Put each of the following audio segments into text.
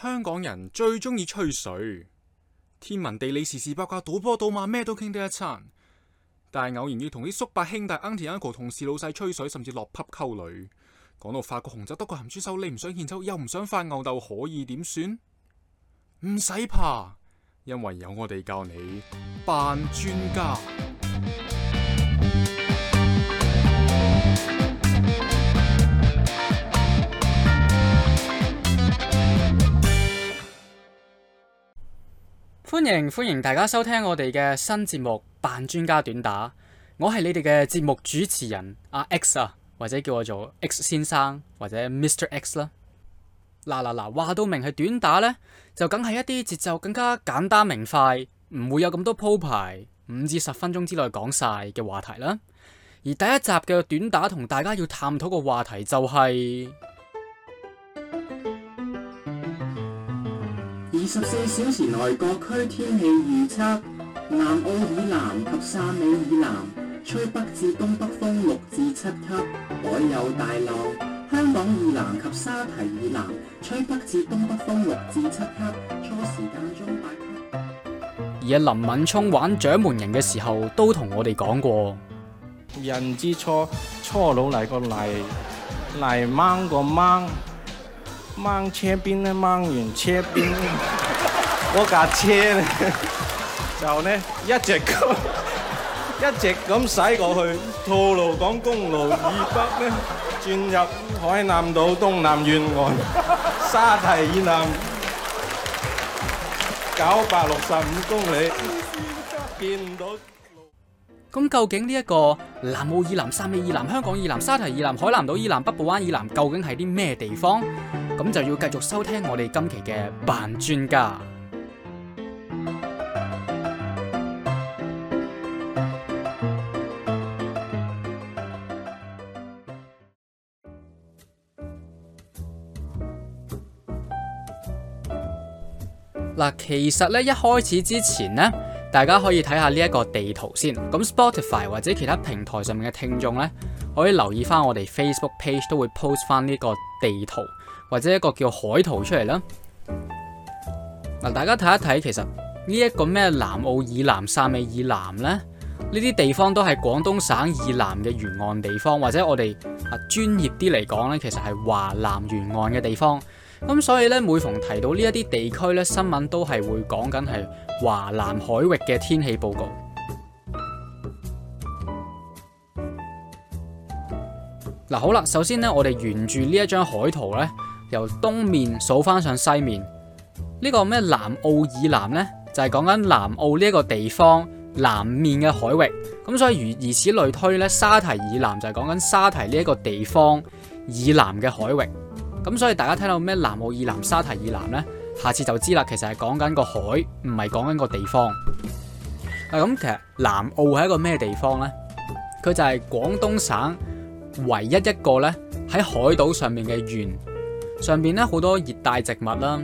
香港人最中意吹水，天文地理時事八卦賭波賭馬咩都傾得一餐，但係偶然要同啲叔伯兄弟 Auntie uncle 同事老細吹水，甚至落蒲溝女，講到法國紅酒德國鹹豬手，你唔想獻醜又唔想發吽哣，可以點算？唔使怕，因為有我哋教你扮專家。歡迎歡迎大家收聽我哋嘅新節目《扮專家短打》，我係你哋嘅節目主持人阿、啊、X 啊，或者叫我做 X 先生或者 Mr X 啦。嗱嗱嗱，話到明係短打呢，就梗係一啲節奏更加簡單明快，唔會有咁多鋪排，五至十分鐘之內講晒嘅話題啦。而第一集嘅短打同大家要探討嘅話題就係、是。十四小時內各區天氣預測：南澳以南及汕尾以南吹北至東北風六至七級，海有大浪；香港以南及沙提以南吹北至東北風六至七級，初時間中八級。而林敏聰玩掌門人嘅時候，都同我哋講過：人之初，初老嚟個嚟，嚟掹個掹。掹車邊咧，掹完車邊嗰架車咧，就咧一直咁一直咁駛過去，吐露港公路以北咧，轉入海南島東南沿岸沙堤以南九百六十五公里。見唔到。咁究竟呢一個南澳以南、汕尾以南、香港以南、沙堤以南、海南島以南、北部灣以南，究竟係啲咩地方？咁就要繼續收聽我哋今期嘅扮專家嗱。其實呢，一開始之前呢，大家可以睇下呢一個地圖先。咁 Spotify 或者其他平台上面嘅聽眾呢，可以留意翻我哋 Facebook page，都會 post 翻呢個地圖。或者一個叫海圖出嚟啦。嗱，大家睇一睇，其實呢一個咩南澳以南、汕尾以南呢？呢啲地方都係廣東省以南嘅沿岸地方，或者我哋啊專業啲嚟講呢，其實係華南沿岸嘅地方。咁所以呢，每逢提到呢一啲地區呢，新聞都係會講緊係華南海域嘅天氣報告。嗱，好啦，首先呢，我哋沿住呢一張海圖呢。由東面數翻上西面，呢個咩南澳以南呢？就係講緊南澳呢一個地方南面嘅海域。咁所以如此類推呢，沙提以南就係講緊沙提呢一個地方以南嘅海域。咁所以大家聽到咩南澳以南、沙提以南呢？下次就知啦。其實係講緊個海，唔係講緊個地方。嗱咁其實南澳係一個咩地方呢？佢就係廣東省唯一一個呢，喺海島上面嘅縣。上邊咧，好多熱帶植物啦，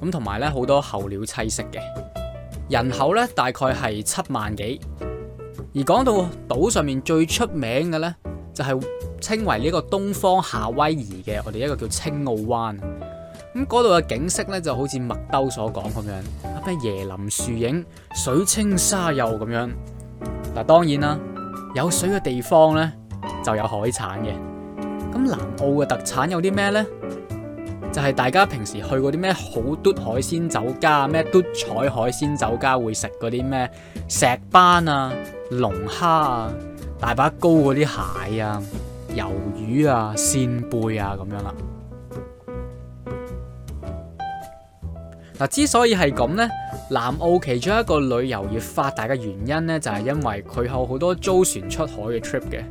咁同埋咧，好多候鳥棲息嘅。人口咧，大概係七萬幾。而講到島上面最出名嘅咧，就係稱為呢個東方夏威夷嘅，我哋一個叫青澳灣。咁嗰度嘅景色咧，就好似麥兜所講咁樣，咩椰林樹影、水清沙幼咁樣。嗱，當然啦，有水嘅地方咧，就有海產嘅。咁南澳嘅特產有啲咩咧？就係大家平時去嗰啲咩好嘟海鮮酒家，咩嘟彩海鮮酒家會食嗰啲咩石斑啊、龍蝦啊、大把高嗰啲蟹啊、魷魚啊、扇貝啊咁樣啦、啊。嗱、啊，之所以係咁呢，南澳其中一個旅遊業發達嘅原因呢，就係、是、因為佢有好多租船出海嘅 trip 嘅。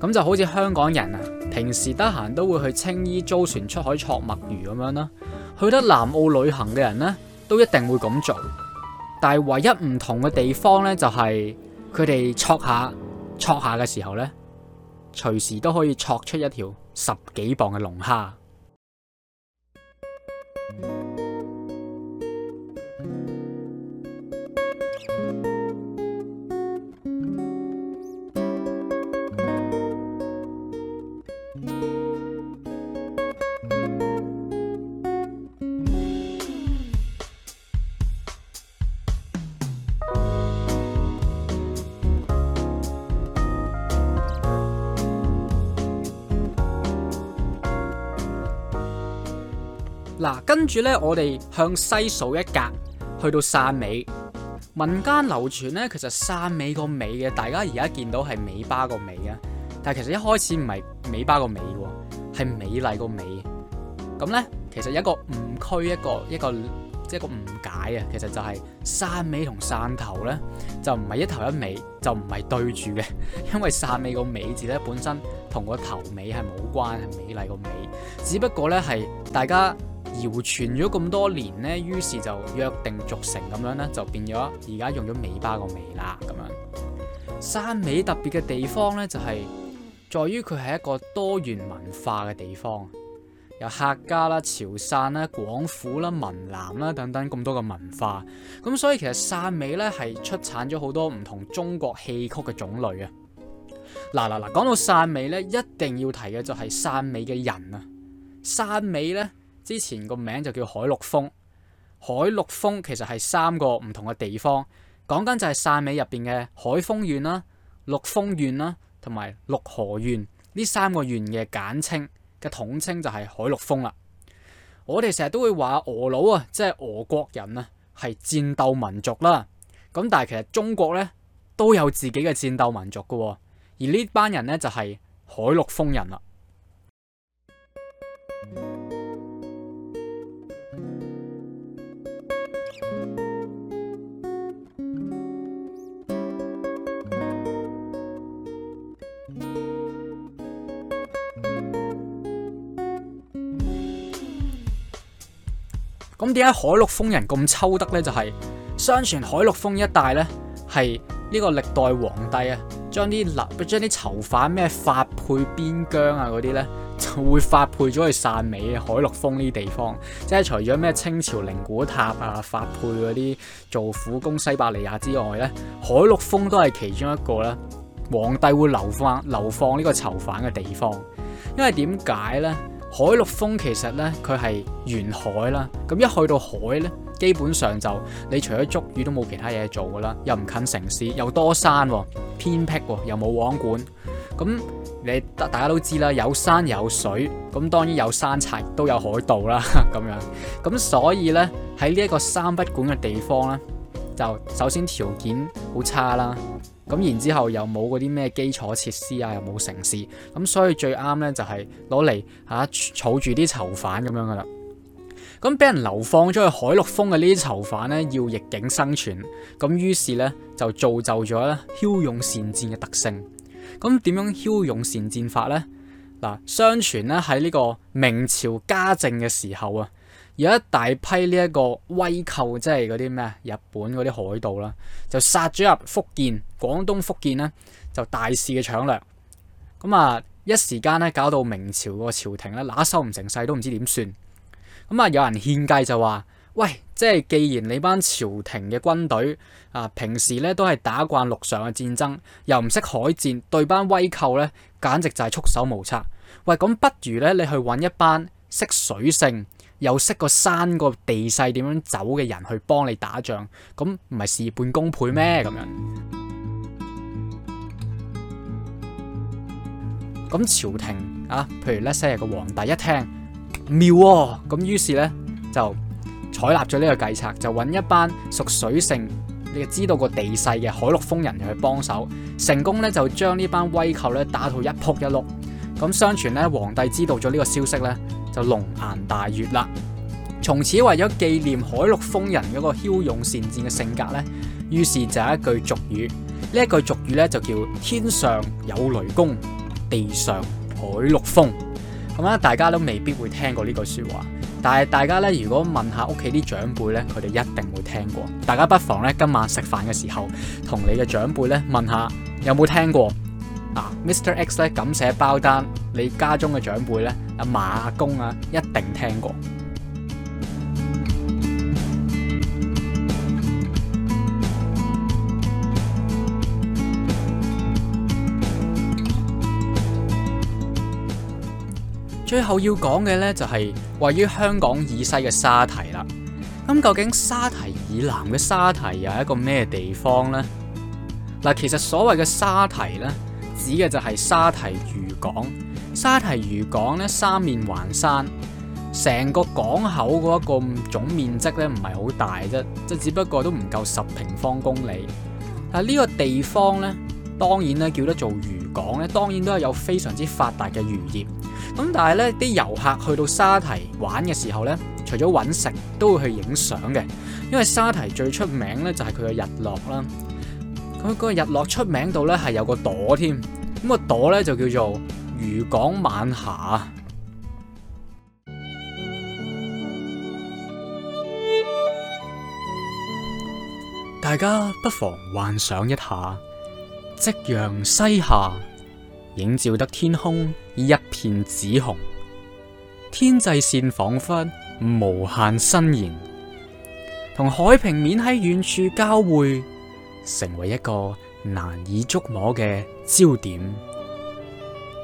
咁就好似香港人啊，平時得閒都會去青衣租船出海戳墨魚咁樣啦。去得南澳旅行嘅人呢，都一定會咁做。但係唯一唔同嘅地方呢，就係佢哋戳下戳下嘅時候呢，隨時都可以戳出一條十幾磅嘅龍蝦。跟住呢，我哋向西數一格，去到汕尾。民間流傳呢，其實汕尾個尾嘅，大家而家見到係尾巴個尾啊。但係其實一開始唔係尾巴個尾喎，係美麗個尾。咁呢，其實一個誤區，一個一個即係一,一個誤解啊。其實就係汕尾同汕頭呢，就唔係一頭一尾，就唔係對住嘅，因為汕尾個尾字呢，本身同個頭尾係冇關係，係美麗個尾，只不過呢，係大家。謠傳咗咁多年呢，於是就約定俗成咁樣呢，就變咗而家用咗尾巴個尾啦。咁樣，汕尾特別嘅地方呢，就係在於佢係一個多元文化嘅地方，有客家啦、潮汕啦、廣府啦、閩南啦等等咁多嘅文化。咁所以其實汕尾呢係出產咗好多唔同中國戲曲嘅種類啊。嗱嗱嗱，講到汕尾呢，一定要提嘅就係汕尾嘅人啊。汕尾呢，之前個名就叫海陸豐，海陸豐其實係三個唔同嘅地方，講緊就係汕尾入邊嘅海豐縣啦、陸豐縣啦同埋陸河縣呢三個縣嘅簡稱嘅統稱就係海陸豐啦。我哋成日都會話俄佬啊，即係俄國人啊，係戰鬥民族啦。咁但係其實中國呢都有自己嘅戰鬥民族嘅，而呢班人呢，就係海陸豐人啦。點解海陸豐人咁抽得呢？就係相傳海陸豐一帶呢，係呢個歷代皇帝啊，將啲將啲囚犯咩發配邊疆啊嗰啲呢，就會發配咗去汕尾海陸豐呢啲地方。即係除咗咩清朝寧古塔啊，發配嗰啲做苦工西伯利亞之外呢，海陸豐都係其中一個啦。皇帝會流放流放呢個囚犯嘅地方，因為點解呢？海陸豐其實呢，佢係沿海啦，咁一去到海呢，基本上就你除咗捉魚都冇其他嘢做噶啦，又唔近城市，又多山、啊，偏僻、啊，又冇王管。咁你大家都知啦，有山有水，咁當然有山賊，都有海盜啦咁樣。咁所以呢，喺呢一個三不管嘅地方呢，就首先條件好差啦。咁然之後又冇嗰啲咩基礎設施啊，又冇城市，咁所以最啱咧就係攞嚟嚇儲住啲囚犯咁樣噶啦。咁俾人流放咗去海陸豐嘅呢啲囚犯咧，要逆境生存，咁於是咧就造就咗咧驍勇善戰嘅特性。咁點樣驍勇善戰法咧？嗱、啊，相傳咧喺呢個明朝嘉靖嘅時候啊，有一大批呢一個倭寇，即係嗰啲咩日本嗰啲海盜啦，就殺咗入福建。廣東、福建呢，就大肆嘅搶掠，咁啊一時間咧搞到明朝個朝廷咧拿手唔成勢都唔知點算，咁啊有人獻計就話：喂，即係既然你班朝廷嘅軍隊啊，平時咧都係打慣陸上嘅戰爭，又唔識海戰，對班倭寇呢，簡直就係束手無策。喂，咁不如呢，你去揾一班識水性又識個山個地勢點樣走嘅人去幫你打仗，咁唔係事半功倍咩？咁樣。咁朝廷啊，譬如呢昔嘅個皇帝一聽妙咁、哦，於是呢，就採納咗呢個計策，就揾一班熟水性，你知道個地勢嘅海陸豐人去幫手，成功呢，就將呢班倭寇呢打到一仆一碌。咁相傳呢，皇帝知道咗呢個消息呢，就龍顏大悅啦。從此為咗紀念海陸豐人嗰個驍勇善戰嘅性格呢，於是就有一句俗語，呢一句俗語呢，就叫天上有雷公。地上海陸豐，咁啊，大家都未必會聽過呢句說話，但係大家咧，如果問下屋企啲長輩咧，佢哋一定會聽過。大家不妨咧，今晚食飯嘅時候，同你嘅長輩咧問下，有冇聽過？嗱、啊，Mr. X 咧咁寫包單，你家中嘅長輩咧，阿嫲、阿公啊，一定聽過。最後要講嘅呢，就係位於香港以西嘅沙堤啦。咁究竟沙堤以南嘅沙堤又係一個咩地方呢？嗱，其實所謂嘅沙堤呢，指嘅就係沙堤漁港。沙堤漁港呢，三面環山，成個港口嗰一個總面積呢，唔係好大啫，即只不過都唔夠十平方公里。但呢個地方呢，當然呢，叫得做漁港呢，當然都係有非常之發達嘅漁業。咁但係咧，啲遊客去到沙堤玩嘅時候咧，除咗搵食，都會去影相嘅，因為沙堤最出名咧就係佢嘅日落啦。咁、那、嗰個日落出名度咧係有個朵添，咁、那個朵咧就叫做漁港晚霞。大家不妨幻想一下，夕陽西下。映照得天空一片紫紅，天際線仿佛無限伸延，同海平面喺遠處交匯，成為一個難以捉摸嘅焦點。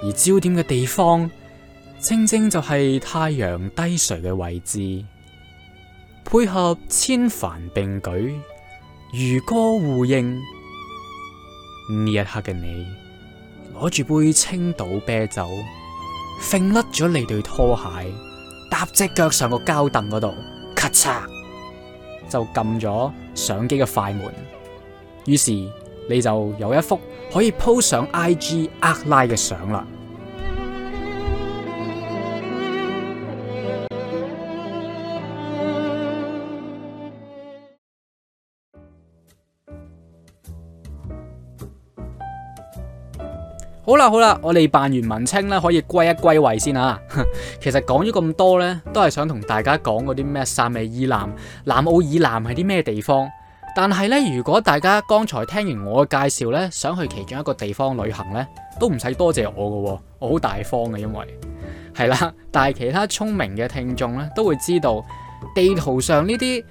而焦點嘅地方，正正就係太陽低垂嘅位置，配合千帆並舉，漁歌互應，呢一刻嘅你。攞住杯青島啤酒，揈甩咗你對拖鞋，搭隻腳上個膠凳嗰度，咔嚓就撳咗相機嘅快門，於是你就有一幅可以 po 上 IG 拉嘅相啦。好啦好啦，我哋扮完文青咧，可以歸一歸位先啊。 其實講咗咁多呢，都係想同大家講嗰啲咩汕尾以南、南澳以南係啲咩地方。但係呢，如果大家剛才聽完我嘅介紹呢，想去其中一個地方旅行呢，都唔使多謝我噶，我好大方嘅，因為係啦、啊。但係其他聰明嘅聽眾呢，都會知道地圖上呢啲。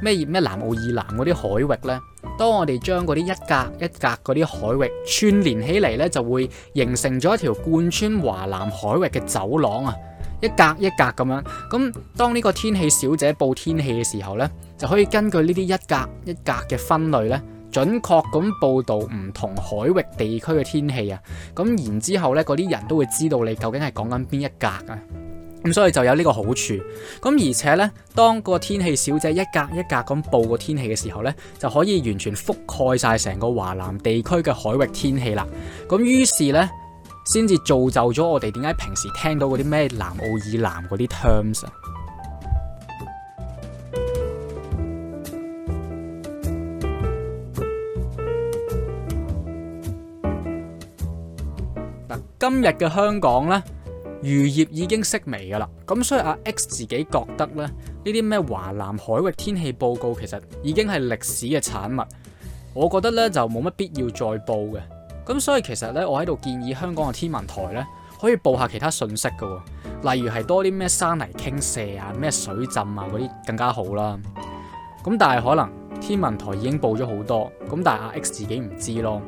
咩？咩？南澳以南嗰啲海域呢，當我哋將嗰啲一格一格嗰啲海域串連起嚟呢，就會形成咗一條貫穿華南海域嘅走廊啊！一格一格咁樣，咁當呢個天氣小姐報天氣嘅時候呢，就可以根據呢啲一格一格嘅分類呢，準確咁報道唔同海域地區嘅天氣啊！咁然之後呢，嗰啲人都會知道你究竟係講緊邊一格啊！咁所以就有呢個好處，咁而且呢，當個天氣小姐一格一格咁報個天氣嘅時候呢，就可以完全覆蓋晒成個華南地區嘅海域天氣啦。咁於是呢，先至造就咗我哋點解平時聽到嗰啲咩南澳以南嗰啲 terms 啊，今日嘅香港呢。漁業已經識微噶啦，咁所以阿 X 自己覺得咧，呢啲咩華南海域天氣報告其實已經係歷史嘅產物，我覺得咧就冇乜必要再報嘅。咁所以其實咧，我喺度建議香港嘅天文台咧可以報下其他信息嘅。哦，例如係多啲咩山泥傾瀉啊、咩水浸啊嗰啲更加好啦。咁但係可能天文台已經報咗好多，咁但係阿 X 自己唔知咯。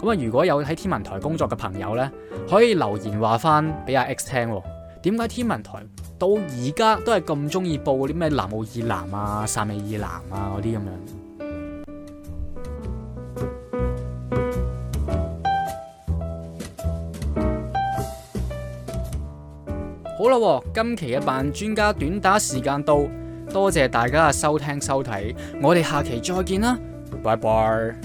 咁啊，如果有喺天文台工作嘅朋友呢，可以留言話翻俾阿 X 聽，點解天文台到而家都係咁中意報啲咩南澳以南啊、汕尾以南啊嗰啲咁樣？些 好啦，今期嘅扮專家短打時間到，多謝大家嘅收聽收睇，我哋下期再見啦，拜拜。